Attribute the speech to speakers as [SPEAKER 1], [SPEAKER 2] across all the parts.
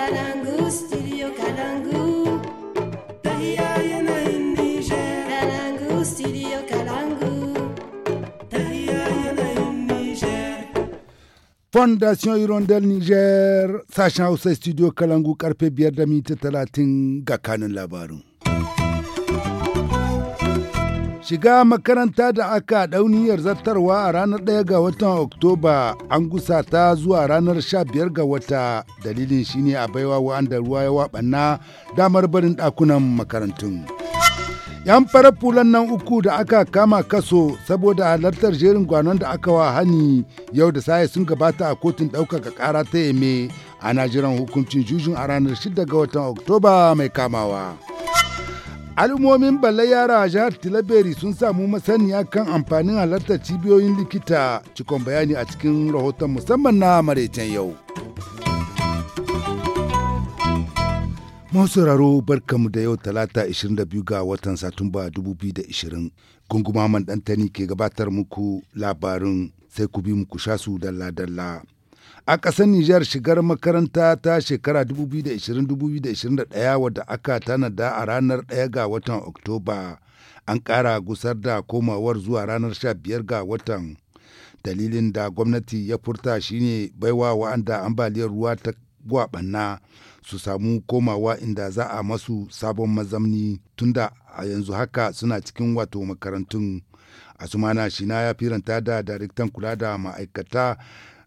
[SPEAKER 1] Kalangu, studio Kalangu. yanayin
[SPEAKER 2] Fondation Hirondelle niger sashen Hausa studio Kalangu karfe biyar da talatin ga kanin Shiga makaranta da aka dauniyar zartarwa a ranar 1 ga watan Oktoba an gusa ta zuwa ranar 15 ga wata dalilin shine a baiwa wa'anda ruwa ya wabanna damar barin ɗakunan makarantun. 'Yan farar fulan nan uku da aka kama kaso saboda halartar jerin gwanon da aka wa hani yau da saye sun gabata a kotun ɗaukaka ƙara ta yame a jiran hukuncin jujun a ranar 6 ga watan Oktoba mai kamawa. al'ummomin balle yara a jihar tilaberi sun samu masaniya kan amfanin halartar cibiyoyin likita cikon bayani a cikin rahoton musamman na maraicen yau masauraro barkamu da yau talata 22 ga watan satumba 2020 gunguma man ɗantani ke gabatar muku labarin sai ku bi muku sha su dalla-dalla A ƙasar Nijar shigar makaranta ta shekara 2020-2021 wadda aka tanada a ranar 1 ga watan Oktoba an ƙara gusar da komawar zuwa ranar 15 ga watan. Dalilin da gwamnati ya furta shine baiwa wa'anda ambaliyar ruwa ta gwaɓanna su samu komawa inda za a masu sabon mazamni tunda a yanzu haka suna cikin wato makarantun. Asumana Shina ya firanta da daraktan kula da ma'aikata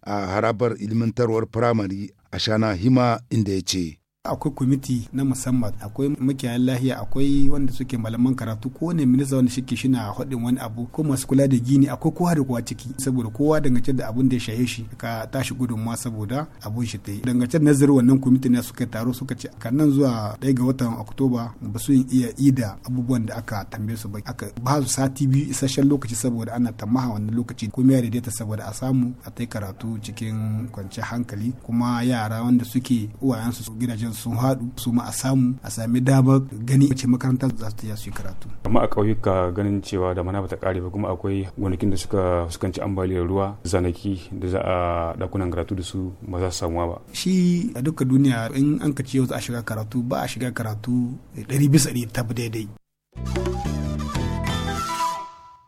[SPEAKER 2] a harabar ilmantarwar firamare a shana hima inda ya ce akwai kwamiti na musamman akwai makiyayan lahiya
[SPEAKER 3] akwai wanda suke malaman karatu ko ne minista wanda shike shi na haɗin wani abu ko masu kula da gini akwai kowa da kowa ciki saboda kowa dangance da abun da ya shaye shi ka tashi ma saboda abun shi ta yi dangance da nazarin wannan kwamiti ne suka taro suka ce nan zuwa ɗaya ga watan oktoba ba su iya ida abubuwan da aka tambaye su ba aka ba su sati biyu isasshen lokaci saboda ana tamaha wannan lokaci kuma ya daidaita saboda a samu a ta karatu cikin kwanciyar hankali kuma yara wanda suke uwayensu gidajen sun haɗu su ma a samu a sami damar gani wace makaranta za su tafiya su yi karatu. amma a ƙauyuka ganin cewa da mana bata ƙare ba kuma akwai gonakin da suka fuskanci ambaliyar ruwa zanaki da za a ɗakunan karatu da su ba za su samuwa ba. shi a duka duniya in an ka ce za a shiga karatu ba a shiga karatu ɗari bisa ɗari tabi daidai.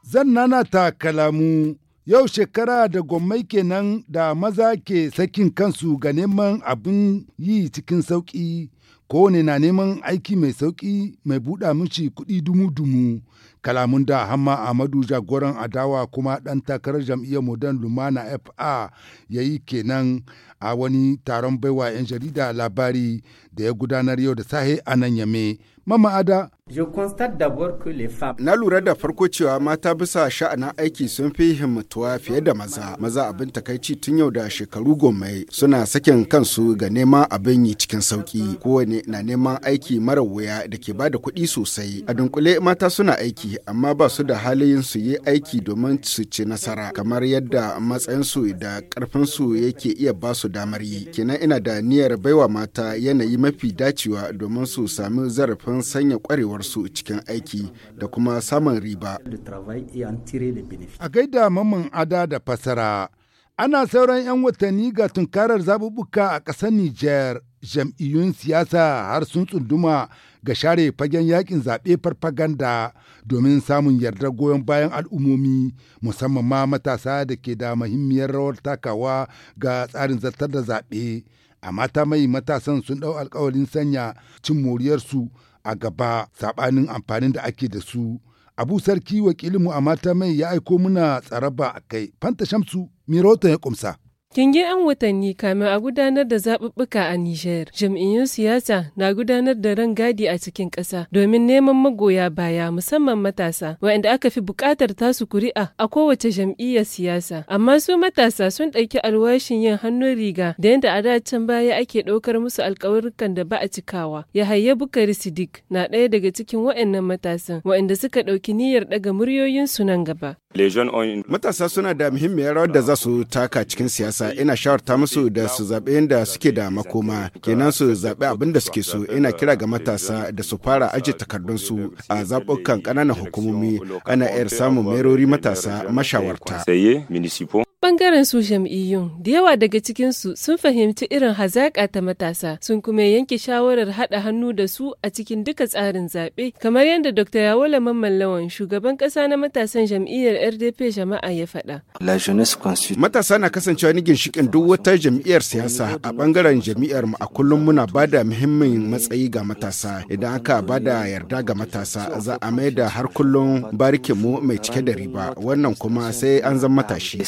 [SPEAKER 2] zan nanata kalamu Yau shekara da gwammai kenan da maza ke sakin kansu ga neman abin yi cikin sauƙi, kowane na neman aiki mai sauƙi mai buɗa mishi kuɗi dumu-dumu, kalamun da Hamma amadu jagoran adawa kuma ɗan takarar jam'iyyar Modern Lumana FA ya yi kenan a wani taron baiwa 'yan jarida labari da ya gudanar yau da sahe a nan Yame. Mama Ada.
[SPEAKER 3] Na lura da farko cewa mata bisa sha'anan aiki sun fi himmatuwa fiye da maza. Maza abin takaici tun yau da shekaru goma suna sakin kansu ga neman abin yi cikin sauki. Kowane na neman aiki mara wuya da ke bada kuɗi sosai. A dunkule mata suna aiki amma ba su da halin su yi aiki domin su ci nasara kamar yadda matsayinsu da ƙarfinsu yake iya ba su damar yi. Kenan ina da niyyar baiwa mata yanayi mafi dacewa domin su sami zarafin don sanya
[SPEAKER 2] kwarewarsu cikin aiki da kuma saman riba. A gaida mamman ada da fasara, ana sauran 'yan watanni ga tunkarar zaɓuɓɓuka a ƙasar Nijar. jam'iyyun siyasa har sun tsunduma ga share fagen yakin zaɓe farfaganda domin samun yardar goyon bayan al'ummomi musamman ma matasa da ke da muhimmiyar rawar takawa ga tsarin zartar da zaɓe a mata mai matasan sun ɗau alkawarin sanya cin moriyarsu a gaba saɓanin amfanin da ake da su abu sarki wakilinmu a mata mai ya aiko muna tsaraba a kai fanta shamsu watan ya kumsa
[SPEAKER 1] Kinge 'yan watanni kamin a gudanar da zaɓuɓɓuka a Nijar, jam'iyyun siyasa na gudanar da rangadi a cikin ƙasa domin neman magoya baya musamman matasa waɗanda aka fi buƙatar tasu kuri'a a kowace jam'iyyar siyasa. Amma su matasa sun ɗauki alwashin yin hannun riga da yadda a can baya ake ɗaukar musu alƙawurkan da ba a cikawa. Yahaya Bukari Sidik na ɗaya daga cikin waɗannan matasan waɗanda suka ɗauki niyyar ɗaga muryoyinsu nan gaba.
[SPEAKER 3] Matasa suna da muhimmiyar rawar da za su taka cikin siyasa ina shawarta musu da su zaɓe inda suke da makoma kenan su zaɓi abin da suke so ina kira ga matasa da su fara aje takardunsu a zaɓukan ƙananan hukumomi ana 'yar samun merori matasa mashawarta.
[SPEAKER 1] Bangaren su jam'iyyun da yawa daga cikinsu sun fahimci irin hazaƙa ta matasa sun kuma yanke shawarar haɗa hannu da su a cikin duka tsarin zaɓe kamar yadda Dr. Yawola Mamman Lawan shugaban ƙasa na matasan jam'iyyar RDP jama'a ya faɗa.
[SPEAKER 3] Matasa na kasancewa ni ginshiƙin duk wata jam'iyyar siyasa a bangaren jam'iyyar mu a kullum muna bada muhimmin matsayi ga matasa idan aka bada yarda ga matasa za a mai da har kullum mu mai cike da riba wannan kuma sai an zama matashi.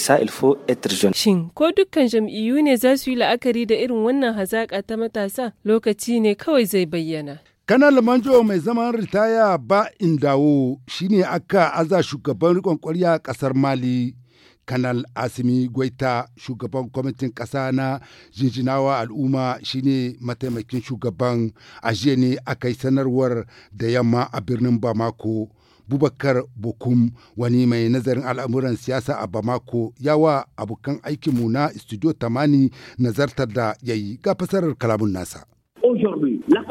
[SPEAKER 3] Shin
[SPEAKER 1] ko dukkan jam'iyyu ne za su yi la'akari da irin wannan hazaƙa ta matasa lokaci ne kawai zai bayyana.
[SPEAKER 2] Kanal Manjo mai zaman ritaya ba in shi shine aka aza shugaban rikon kwarya ƙasar Mali. Kanal Asimi Gwaita shugaban kwamitin ƙasa na jinjinawa al'umma shine mataimakin shugaban ajiye ne aka yi sanarwar da yamma a birnin Bamako. Bubakar Bokum wani mai nazarin al'amuran siyasa a Bamako ya wa abokan aikinmu na Studio Tamani nazartar da yayi ga fasarar kalamun nasa.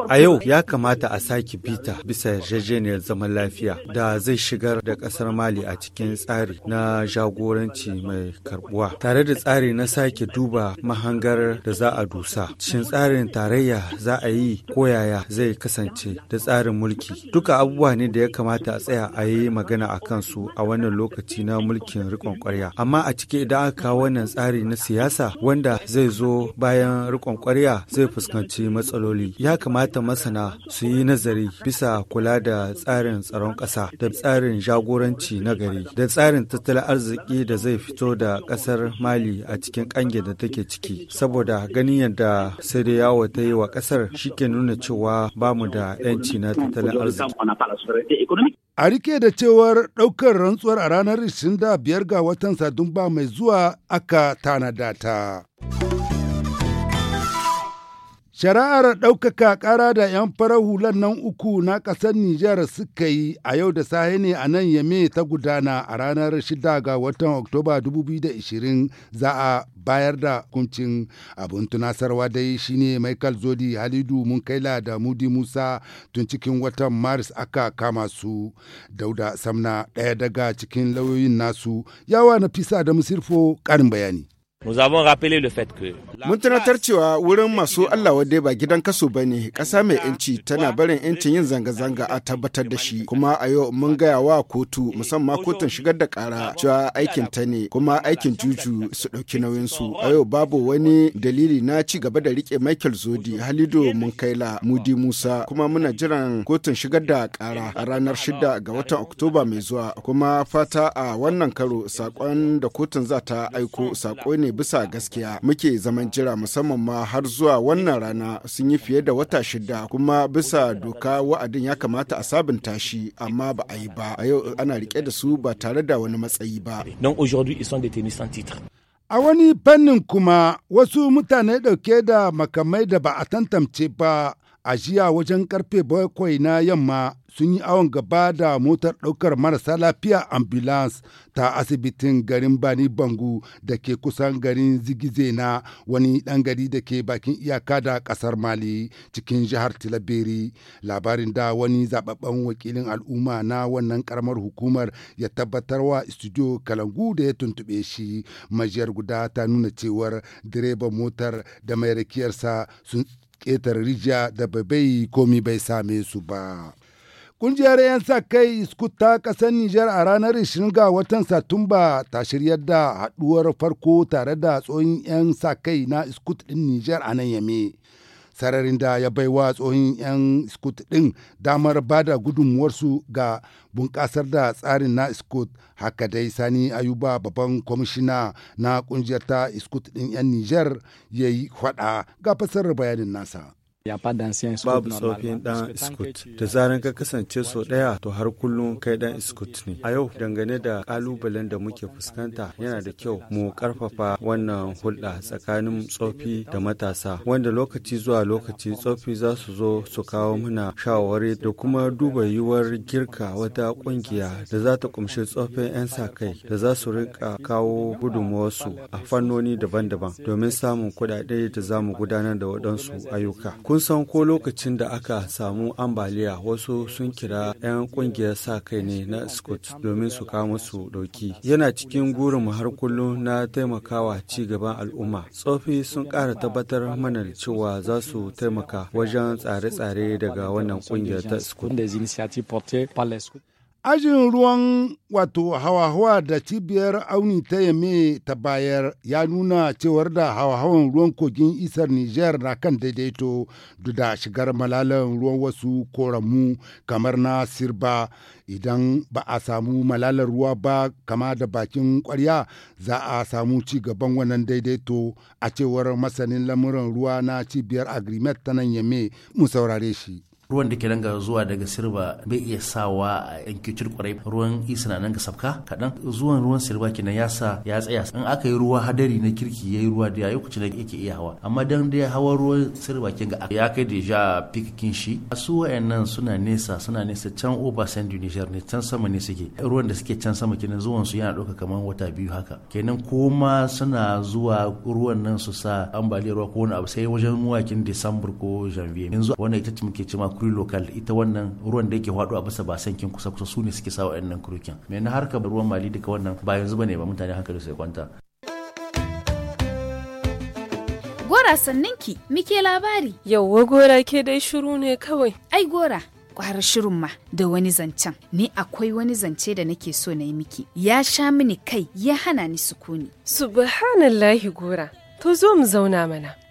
[SPEAKER 2] A yau ya kamata a sake bita bisa
[SPEAKER 4] yarjejeniyar zaman lafiya da zai shigar da ƙasar Mali a cikin tsari na jagoranci mai karbuwa tare da tsari na sake duba mahangar da za a dusa. cikin tsarin tarayya za a yi koyaya zai kasance da tsarin mulki. Duka abubuwa ne da ya kamata a tsaya a yi magana a kansu a wannan lokaci na mulkin riƙon ƙwarya. Amma a ciki idan aka kawo wannan tsari na siyasa wanda zai zo bayan riƙon ƙwarya zai fuskanci matsaloli. matsaloli ya kamata masana su yi nazari bisa kula da tsarin tsaron ƙasa da tsarin jagoranci na gari da tsarin tattalin arziki da zai fito da ƙasar mali a cikin ƙangin da take ciki saboda ganin yadda sai da yawo ta yi wa ƙasar shi ke nuna cewa ba mu da 'yanci na tattalin arziki
[SPEAKER 2] A rike da cewar ɗaukar rantsuwar a ranar 25 ga watan Satumba mai zuwa aka tanada ta. Shari'ar ɗaukaka ƙara da 'yan farar hular nan uku na ƙasar Nijar suka yi a yau da sahi ne a nan Yame ta gudana a ranar 6 ga watan Oktoba 2020 za a bayar da kuncin abin tunasarwa dai shine Michael Zodi Halidu Munkaila da Mudi Musa tun cikin watan Maris aka kama su. Dauda Samna ɗaya daga cikin lauyoyin nasu yawa na fisa da musirfo ƙarin bayani. Mun tunatar cewa
[SPEAKER 3] wurin masu Allah wadai ba gidan kaso ba ne, ƙasa mai ‘yanci tana barin ‘yancin yin zanga-zanga a tabbatar da shi, kuma a yau mun gaya wa kotu musamman kotun shigar da ƙara cewa aikin ta ne, kuma aikin juju su ɗauki nauyinsu. A yau babu wani dalili na ci gaba da riƙe Michael Zodi, Halido Munkaila, Mudi Musa, kuma muna jiran kotun shigar da ƙara a ranar shida ga watan Oktoba mai zuwa, kuma fata a wannan karo sakon da kotun za ta aiko saƙo ne bisa gaskiya muke zaman jira musamman ma har zuwa wannan rana sun yi fiye da wata shida kuma bisa doka wa'adin ya kamata a sabunta shi amma ba a yi ba a yau ana rike da su ba tare da wani matsayi ba.
[SPEAKER 2] A wani fannin kuma wasu mutane dauke da makamai da ba a tantance ba a jiya wajen karfe bakwai na yamma sun yi awon gaba da motar daukar marasa lafiya ambulance ta asibitin garin bani bangu da ke kusan garin zigize na wani ɗan gari da ke bakin iyaka da kasar mali cikin jihar tilaberi labarin da wani zababben wakilin al'umma na wannan karamar hukumar ya tabbatar wa studio kalangu da ya tuntuɓe shi majiyar guda ta nuna cewar direban motar da mai rakiyarsa sun ƙetare rijiya da babai komi bai same su ba. Kungiyar 'yan sa kai iskut ta ƙasar Nijar a ranar 20 ga watan Satumba ta shirya da haɗuwar farko tare da tsohon 'yan sa kai na iskut ɗin Nijar a nan yame. sararin da ya bai wa tsohon 'yan scott ɗin damar ba da gudunmuwarsu ga bunƙasar da tsarin na scott haka dai sani ayuba babban kwamishina na ƙungiyar ta scott ɗin 'yan niger ya yi faɗa ga fasar bayanin nasa Babu tsofin dan iskut. Da zaran ka kasance
[SPEAKER 4] sau ɗaya to har kullum kai dan iskut ne. A yau dangane da kalubalen da muke fuskanta yana da kyau mu karfafa wannan hulɗa tsakanin tsofi da matasa wanda lokaci zuwa lokaci tsofi za su zo su kawo muna shawarwari da kuma duba yiwuwar girka wata kungiya da za ta kumshi tsofin 'yan sa kai da za su riƙa kawo gudunmawarsu a fannoni daban-daban domin samun kuɗaɗe da za mu gudanar da waɗansu ayyuka. mun san ko lokacin da aka samu ambaliya wasu sun kira 'yan kungiyar sa kai ne na Scott domin su kama su dauki. Yana cikin gurin mu har kullum na taimakawa ci gaban al'umma. Tsofi sun kara tabbatar mana da cewa za su taimaka wajen tsare-tsare daga wannan kungiyar ta Scott.
[SPEAKER 2] Ajin ruwan wato hawa-hawa da cibiyar auni ta yame ta bayar ya nuna cewar da hawa-hawan ruwan kogin isar niger na kan daidaito duk da shigar malalan ruwan wasu koramu kamar na sirba idan ba a samu malalar ruwa ba kama da bakin kwarya za a samu ci gaban wannan daidaito a cewar masanin lamuran ruwa na cibiyar agrimet ta nan yame mu saurare shi. ruwan da ke ga zuwa daga sirba bai iya sawa a yankin kwarai ruwan isa nan ga sabka kaɗan zuwan ruwan sirba kenan ya sa ya tsaya in aka yi ruwa hadari na kirki ya yi ruwa da ya kuci da yake iya hawa amma dan da hawa ruwan sirba kin ga ya kai da ja pikin shi a su wayannan suna nesa suna nesa can oba san Niger ne can sama ne suke ruwan da suke can sama kenan zuwan su yana ɗauka kamar wata biyu haka kenan koma suna zuwa ruwan nan su sa ambaliyar ruwa ko wani abu sai wajen wakin December ko Janvier yanzu wannan ita ce muke cewa kuri lokal ita wannan ruwan da yake hadu a bisa basankin kusa kusa su ne suke sa wa'annan kurukin me na harkar ruwan mali duka wannan ba yanzu bane ba mutane hankali sai kwanta
[SPEAKER 1] Gora sanninki, muke labari. Yauwa gora ke dai shiru ne kawai. Ai gora, kwara shirin ma da wani zancen ni akwai wani zance da nake so na yi miki ya sha mini kai ya hana ni sukuni subhanallahi gora to zo mu zauna mana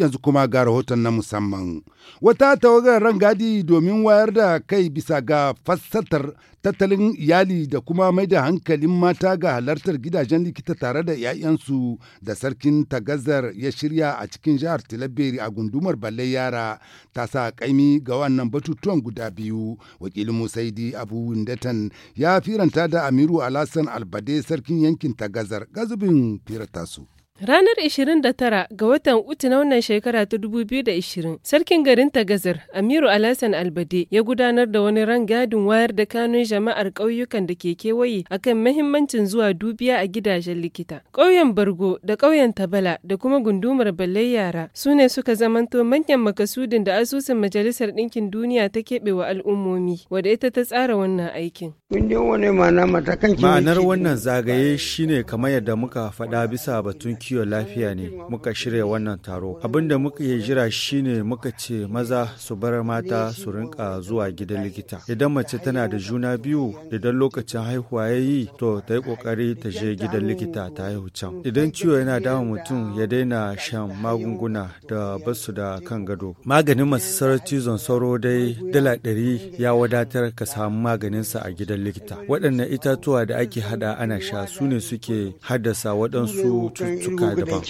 [SPEAKER 2] yanzu kuma ga rahoton na musamman. Wata tawagar rangadi domin wayar da kai bisa ga fassatar tattalin iyali da kuma mai da hankalin mata ga halartar gidajen likita tare da 'ya'yansu da sarkin tagazar ya shirya a cikin jihar tilabiri a gundumar balle yara ta sa kaimi ga wannan batutuwan guda biyu. Wakilin Musaidi Abu Windetan ya firanta da Amiru Alasan Albade sarkin yankin tagazar gazubin firata su.
[SPEAKER 1] Ranar 29 ga watan Uku na wannan shekara ta 2020, Sarkin garin Tagazar, Amiru Alhassan Albade, ya gudanar da wani ran gadin wayar da kanun jama'ar ƙauyukan da ke kewaye akan mahimmancin zuwa dubiya a gidajen likita. Ƙauyen Bargo da ƙauyen Tabala da kuma gundumar Ballai Yara su ne suka zamanto manyan makasudin da asusun Majalisar Ɗinkin Duniya ta keɓe wa al'ummomi, wadda ita ta tsara wannan aikin.
[SPEAKER 4] Ma'anar wannan zagaye shine kamar yadda muka faɗa bisa batun kiwon lafiya ne muka shirya wannan taro. Abin da muka yi jira shine muka ce maza su bar mata su rinka zuwa gidan likita. Idan mace tana da juna biyu idan lokacin haihuwa ya yi to ta yi kokari ta je gidan likita ta haihu can. Idan ciwo yana dama mutum ya daina shan magunguna da basu da kan gado. Maganin masu sarar cizon sauro dai dala ɗari ya wadatar ka samu maganinsa a gidan likita. Waɗannan itatuwa da ake hada ana sha su ne suke haddasa waɗansu cututtuka. daban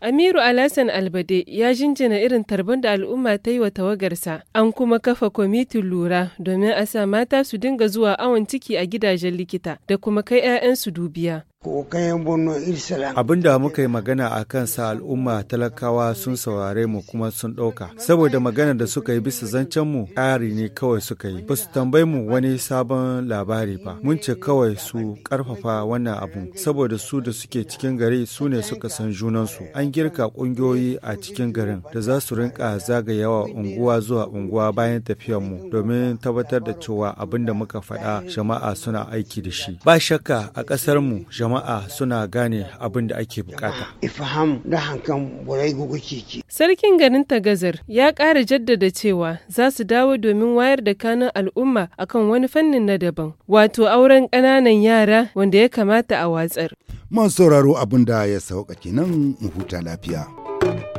[SPEAKER 1] Amiru Alhassan Albade ya jinjina irin tarbar da al'umma ta yi wa tawagarsa an kuma kafa kwamitin lura domin a sa mata su dinga zuwa awon ciki a gidajen likita da kuma kai 'ya'yansu dubiya
[SPEAKER 4] Abin da muka yi magana a kansa al'umma talakawa sun saurare mu kuma sun ɗauka. Saboda magana da suka yi bisa zancen mu ƙari ne kawai suka yi. Ba su tambayi mu wani sabon labari ba. Mun ce kawai su karfafa wannan abu. Saboda su da suke cikin gari su ne suka san junansu. An girka ƙungiyoyi a cikin garin da za su rinka zagayawa unguwa zuwa unguwa bayan tafiyar mu domin tabbatar da cewa abin da muka faɗa jama'a suna aiki da shi. Ba shakka a ƙasar mu jama'a jama'a suna gane abin da ake bukata.
[SPEAKER 1] Sarkin garin Tagazar ya ƙara jaddada cewa za su dawo domin wayar da kanun al'umma akan wani fannin na daban, wato auren ƙananan yara wanda ya kamata a watsar.
[SPEAKER 2] Masu sauraro abin da ya sauka kenan mu huta lafiya.